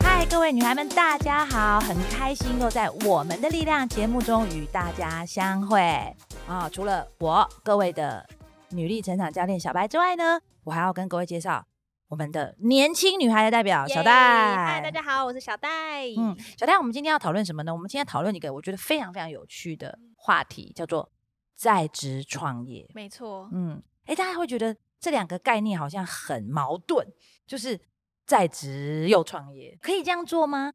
嗨，各位女孩們，大家好！很開心又在我們的力量節目中與大家相會啊！哦，除了我，各位的女力成長教練小白之外呢，我還要跟各位介紹我們的年輕女孩的代表 yeah, 小戴。嗨，大家好，我是小戴。嗯，小戴，我們今天要討論什麼呢？我們今天要討論一個我覺得非常非常有趣的話題，叫做在職創業，沒錯，嗯，哎、欸，大家會覺得這兩個概念好像很矛盾，就是在職又創業，可以這樣做嗎？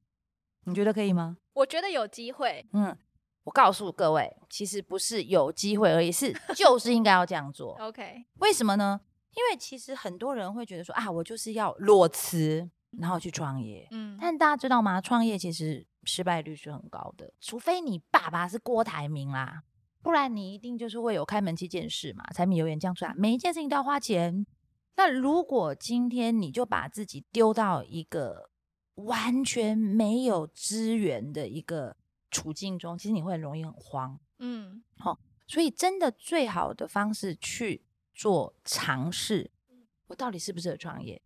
你覺得可以嗎？我覺得有機會，嗯，我告訴各位，其實不是有機會而已，是就是應該要這樣做。 OK，為什麼呢？因為其實很多人會覺得說啊，我就是要裸辭然後去創業，嗯，但大家知道嗎？創業其實失敗率是很高的，除非你爸爸是郭台銘啦、啊。不然你一定就是會有開門七件事嘛，柴米油鹽醬醋茶，每一件事情都要花錢。那如果今天你就把自己丟到一個完全沒有資源的一個處境中，其實你會容易很慌。嗯，好，哦，所以真的最好的方式去做嘗試，我到底適不適合創業？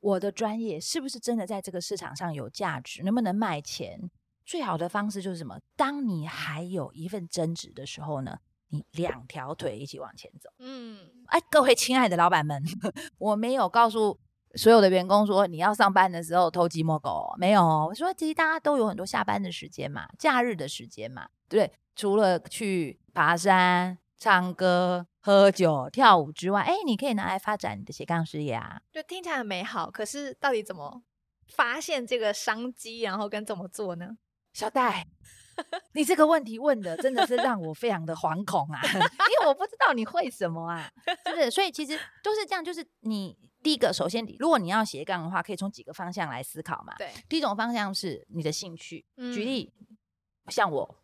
我的專業是不是真的在這個市場上有價值？能不能賣錢？最好的方式就是什麼？當你還有一份正職的時候呢，你兩條腿一起往前走。嗯，哎，各位親愛的老闆們呵呵，我沒有告訴所有的員工說你要上班的時候偷雞摸狗，沒有。我說，其實大家都有很多下班的時間嘛，假日的時間嘛，對不對？除了去爬山、唱歌、喝酒、跳舞之外，哎、欸，你可以拿來發展你的斜槓事業啊。就聽起來很美好，可是到底怎麼發現這個商機，然後跟怎麼做呢？小戴，你這個問題問的真的是讓我非常的惶恐啊！ 因為我不知道你會什麼啊， 是不是？所以其實都是這樣，就是你第一個首先，如果你要斜槓的話，可以從幾個方向來思考嘛。對，第一種方向是你的興趣。舉例，嗯、像我，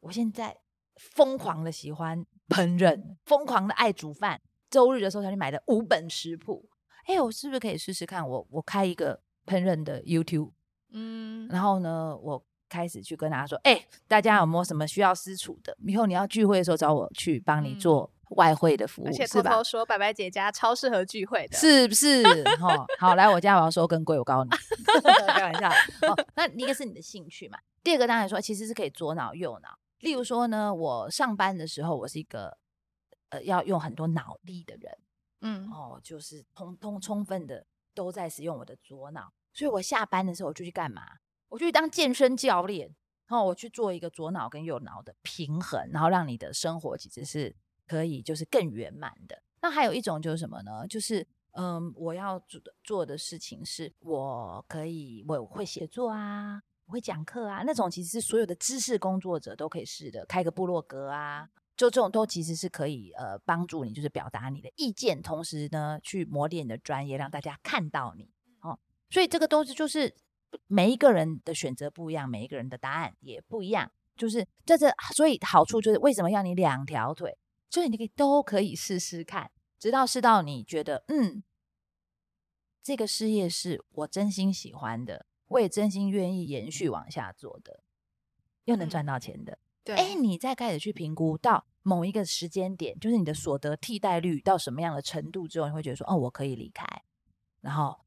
我現在瘋狂的喜歡烹飪，瘋、嗯、狂的愛煮飯。周日的時候才去買的五本食譜，哎、欸，我是不是可以試試看我？我我開一個烹飪的 YouTube，嗯，然後呢，我。開始去跟大家說，哎、欸，大家有沒有什麼需要私處的？以後你要聚會的時候找我去幫你做外匯的服務，嗯、而且偷偷說是吧？說白白姐家超適合聚會的，是不是？哈、 哦，好，來我家我要說跟貴我告訴你，開玩笑、， 哦。那一個是你的興趣嘛，第二個當然說其實是可以左腦右腦。例如說呢，我上班的時候，我是一個呃要用很多腦力的人，嗯，哦，就是通通充分的都在使用我的左腦，所以我下班的時候我就去幹嘛？我去當健身教練，然後我去做一個左腦跟右腦的平衡，然後讓你的生活其實是可以就是更圓滿的。那還有一種就是什麼呢？就是嗯，我要做的做的事情是我可以我會寫作啊，我會講課啊，那種其實是所有的知識工作者都可以試的，開個部落格啊，就這種都其實是可以呃幫助你就是表達你的意見，同時呢去磨練你的專業，讓大家看到你。好、哦，所以這個東西就是。每一個人的選擇不一樣，每一個人的答案也不一樣。就是在這、就是，所以好處就是為什麼要你兩條腿？所以你可以都可以試試看，直到試到你覺得，嗯，這個事業是我真心喜歡的，我也真心願意延續往下做的，又能賺到錢的。對、哎、嗯欸，你再開始去評估到某一個時間點，就是你的所得替代率到什麼樣的程度之後，你會覺得說，哦，我可以離開，然後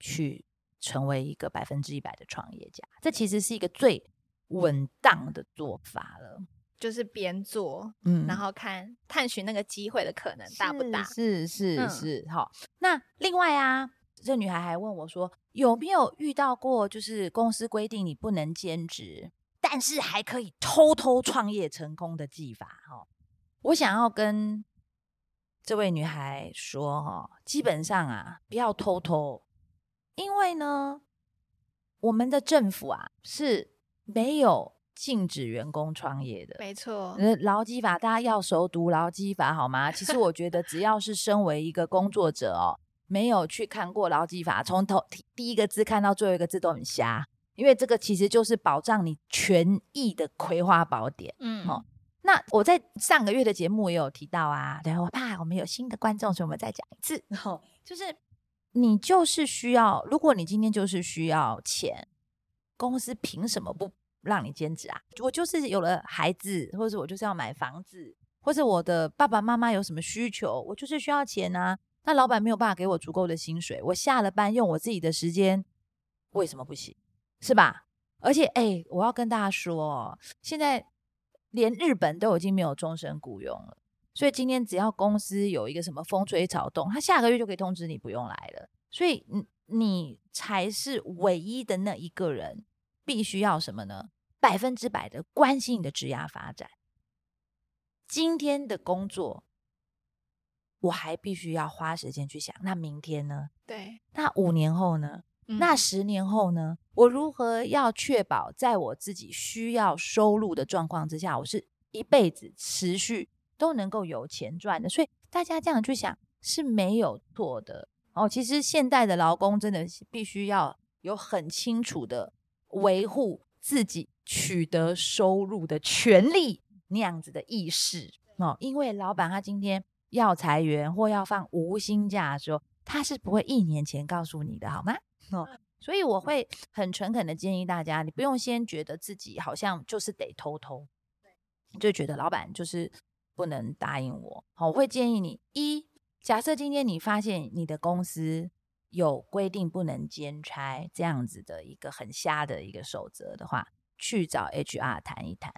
去。成為一個百分之一百的創業家，這其實是一個最穩當的做法了。就是邊做，嗯，然後看探尋那個機會的可能大不大。是是是，是嗯、是好。那另外啊，這女孩還問我說，有沒有遇到過就是公司規定你不能兼職，但是還可以偷偷創業成功的技法？哦。我想要跟這位女孩說，基本上啊，不要偷偷。因為呢，我們的政府啊是沒有禁止員工創業的，沒錯。勞基法，大家要熟讀勞基法，好嗎？其實我覺得，只要是身為一個工作者哦， 沒有去看過勞基法，從頭第一個字看到最後一個字都很瞎。因為這個其實就是保障你權益的葵花寶典。嗯，哦、那我在上個月的節目也有提到啊，對，我怕我們有新的觀眾，所以我們再講一次。然、哦、就是。你就是需要，如果你今天就是需要錢，公司憑什麼不讓你兼職啊？我就是有了孩子，或者我就是要買房子，或者我的爸爸媽媽有什麼需求，我就是需要錢啊。那老板沒有辦法給我足夠的薪水，我下了班用我自己的時間，為什麼不行？是吧？而且，哎、欸，我要跟大家說，現在連日本都已經沒有終身雇傭了。所以今天只要公司有一個什麼風吹草動，他下個月就可以通知你不用來了。所以你才是唯一的那一個人，必須要什麼呢？百分之百的關心你的職涯發展。今天的工作我還必須要花時間去想，那明天呢？對。那五年後呢？嗯、那十年後呢？我如何要確保在我自己需要收入的狀況之下，我是一輩子持續，都能夠有錢賺的，所以大家這樣去想是沒有錯的哦。其實現在現代的勞工真的必須要有很清楚的維護自己取得收入的權利那樣子的意識哦。因為老闆他今天要裁員或要放無薪假的時候，他是不會一年前告訴你的好嗎？哦，所以我會很誠懇的建議大家，你不用先覺得自己好像就是得偷偷，就覺得老闆就是。不能答應我，好，我會建議你一，假設今天你發現你的公司有規定不能兼差這樣子的一個很瞎的一個守則的話，去找 HR 談一談、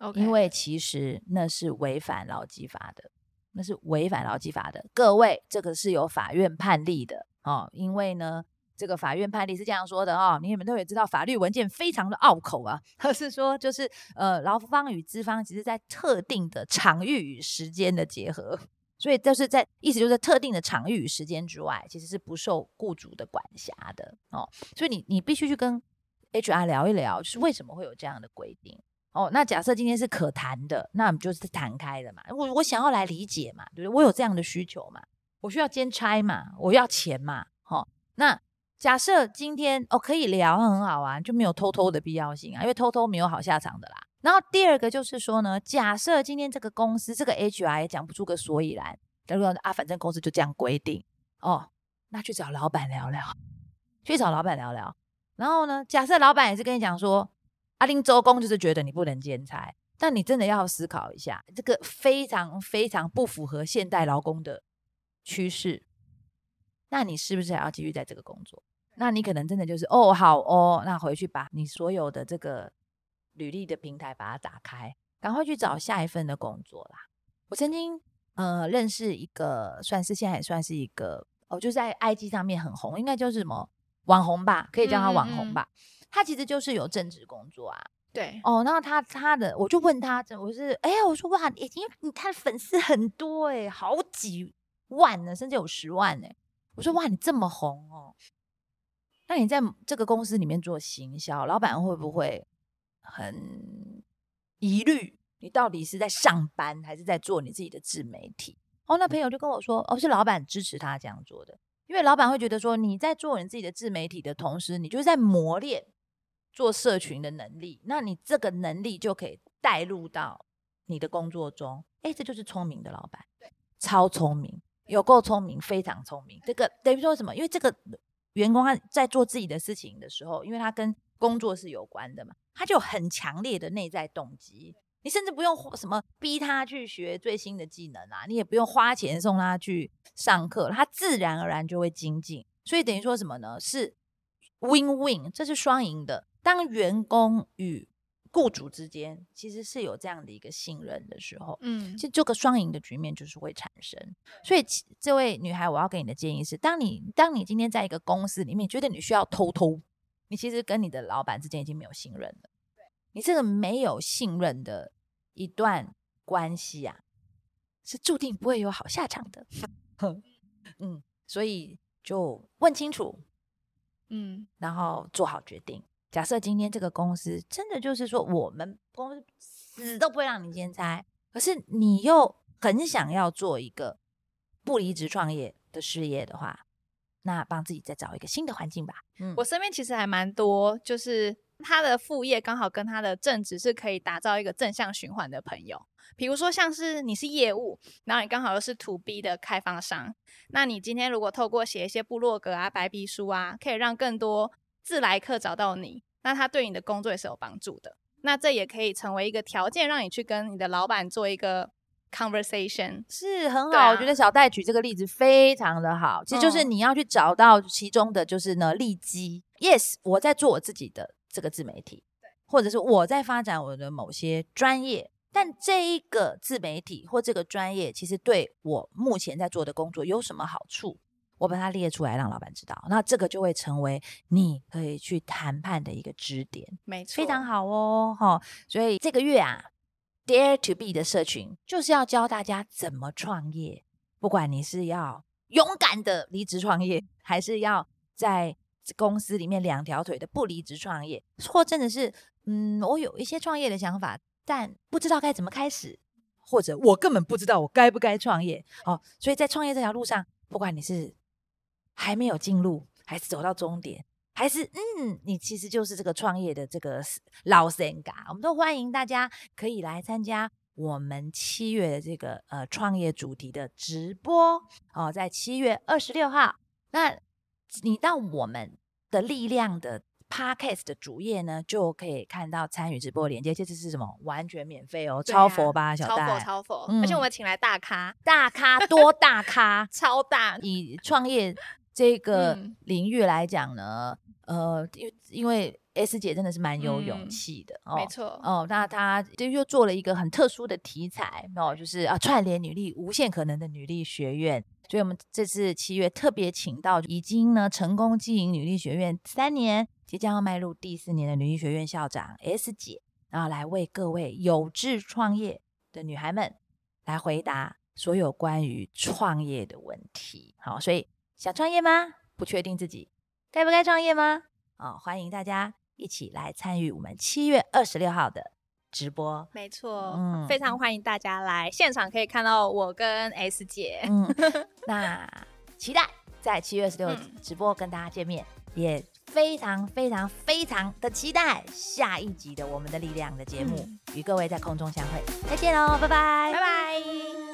okay. 因為其實那是違反勞基法的，那是違反勞基法的，各位這個是有法院判例的哦，因為呢。這個法院判例是這樣說的哦，你，你們都也知道法律文件非常的拗口啊。他是說，就是呃，勞方與資方其實在特定的場域與時間的結合，所以就是在意思就是在特定的場域與時間之外，其實是不受雇主的管轄的哦。所以你你必須去跟 HR 聊一聊，就是為什麼會有這樣的規定哦。那假設今天是可談的，那我們就是談開的嘛。我我想要來理解嘛，對不對？我有這樣的需求嘛，我需要兼差嘛，我要錢嘛，哦，那。假設今天哦可以聊很好玩，啊，就沒有偷偷的必要性啊，因為偷偷沒有好下場的啦。然後第二個就是說呢，假設今天這個公司這個 HR 也講不出個所以然，那如果啊反正公司就這樣規定哦，那去找老板聊聊，去找老板聊聊。然後呢，假設老板也是跟你講說，阿、啊、林周公就是覺得你不能兼差，但你真的要思考一下，這個非常非常不符合現代勞工的趨勢。那你是不是還要繼續在這個工作？那你可能真的就是哦，好哦，那回去把你所有的這個履歷的平台把它打開，趕快去找下一份的工作啦。我曾經呃認識一個，算是現在也算是一個，哦，就在 IG 上面很紅，應該就是什麼網紅吧，可以叫他網紅吧。嗯嗯嗯。他其實就是有正職工作啊，對哦。那他他的，我就問他，我、就是哎，呀、欸，我說哇，因、欸、為你的粉絲很多哎、欸，好幾萬呢，甚至有十萬呢、欸。我說哇，你這麼紅哦，那你在這個公司裡面做行銷，老闆會不會很疑慮？你到底是在上班還是在做你自己的自媒體？哦，那朋友就跟我說，哦，是老闆支持他這樣做的，因為老闆會覺得說你在做你自己的自媒體的同時，你就是在磨練做社群的能力，那你這個能力就可以帶入到你的工作中。哎，這就是聰明的老闆，對，超聰明。有夠聰明，非常聰明。這個等於說什麼？因為這個員工他在做自己的事情的時候，因為他跟工作是有關的嘛，他就很強烈的內在動機。你甚至不用什麼逼他去學最新的技能啊，你也不用花錢送他去上課，他自然而然就會精進。所以等於說什麼呢？是 win-win，這是雙贏的。當員工與雇主之間其實是有這樣的一個信任的時候，嗯，其實這個雙贏的局面就是會產生。嗯，所以這位女孩，我要給你的建議是：當你當你今天在一個公司裡面覺得你需要偷偷，你其實跟你的老闆之間已經沒有信任了。對，你這個沒有信任的一段關係啊，是注定不會有好下場的。嗯，所以就問清楚，嗯，然後做好決定。假設今天這個公司真的就是說，我們公司死都不會讓你兼差，可是你又很想要做一個不離職創業的事業的話，那幫自己再找一個新的環境吧。嗯，我身邊其實還蠻多，就是他的副業剛好跟他的正職是可以打造一個正向循環的朋友。比如說，像是你是業務，然後你剛好又是 To B 的開發商，那你今天如果透過寫一些部落格啊、白皮書啊，可以讓更多，自來客找到你，那他對你的工作也是有幫助的。那這也可以成為一個條件，讓你去跟你的老板做一個 conversation，是很好、對啊。我覺得小戴舉這個例子非常的好，其實就是你要去找到其中的，就是呢，利、嗯、基。Yes，我在做我自己的這個自媒體對，或者是我在發展我的某些專業，但這一個自媒體或這個專業，其實對我目前在做的工作有什麼好處？我把它列出來，讓老闆知道，那這個就會成為你可以去談判的一個支點，沒錯，非常好哦，哈、哦。所以這個月啊，Dare to Be 的社群就是要教大家怎麼創業，不管你是要勇敢的離職創業，還是要在公司裡面兩條腿的不離職創業，或真的是嗯，我有一些創業的想法，但不知道該怎麼開始，或者我根本不知道我該不該創業，哦。所以在創業這條路上，不管你是還沒有進入，還是走到終點，還是嗯，你其實就是這個創業的這個老神咖。我們都歡迎大家可以來參加我們七月的這個呃創業主題的直播哦，在七月二十六號。那你到我們的力量的 parkes 的主頁呢，就可以看到參與直播連接。這次是什麼？完全免費哦、啊，超佛吧，小大，超佛超佛、嗯，而且我們請來大咖， 大咖多大咖， 超大你創業。這個領域來講呢，嗯、呃，因因為 S 姐真的是蠻有勇氣的、嗯、哦，沒錯哦，那她就又做了一個很特殊的題材哦，就是啊，串聯女力無限可能的女力學院，所以我們這次七月特別請到已經呢成功經營女力學院三年，即將要邁入第四年的女力學院校長 S 姐啊，然後來為各位有志創業的女孩們來回答所有關於創業的問題。好，所以。想創業嗎？不確定自己該不該創業嗎？哦，歡迎大家一起來參與我們七月二十六號的直播。沒錯，嗯、非常歡迎大家來現場，可以看到我跟 S 姐。嗯、 那期待在七月二十六直播跟大家見面、嗯，也非常非常非常的期待下一集的我們的力量的節目、嗯、與各位在空中相會。再見哦，拜拜，拜拜。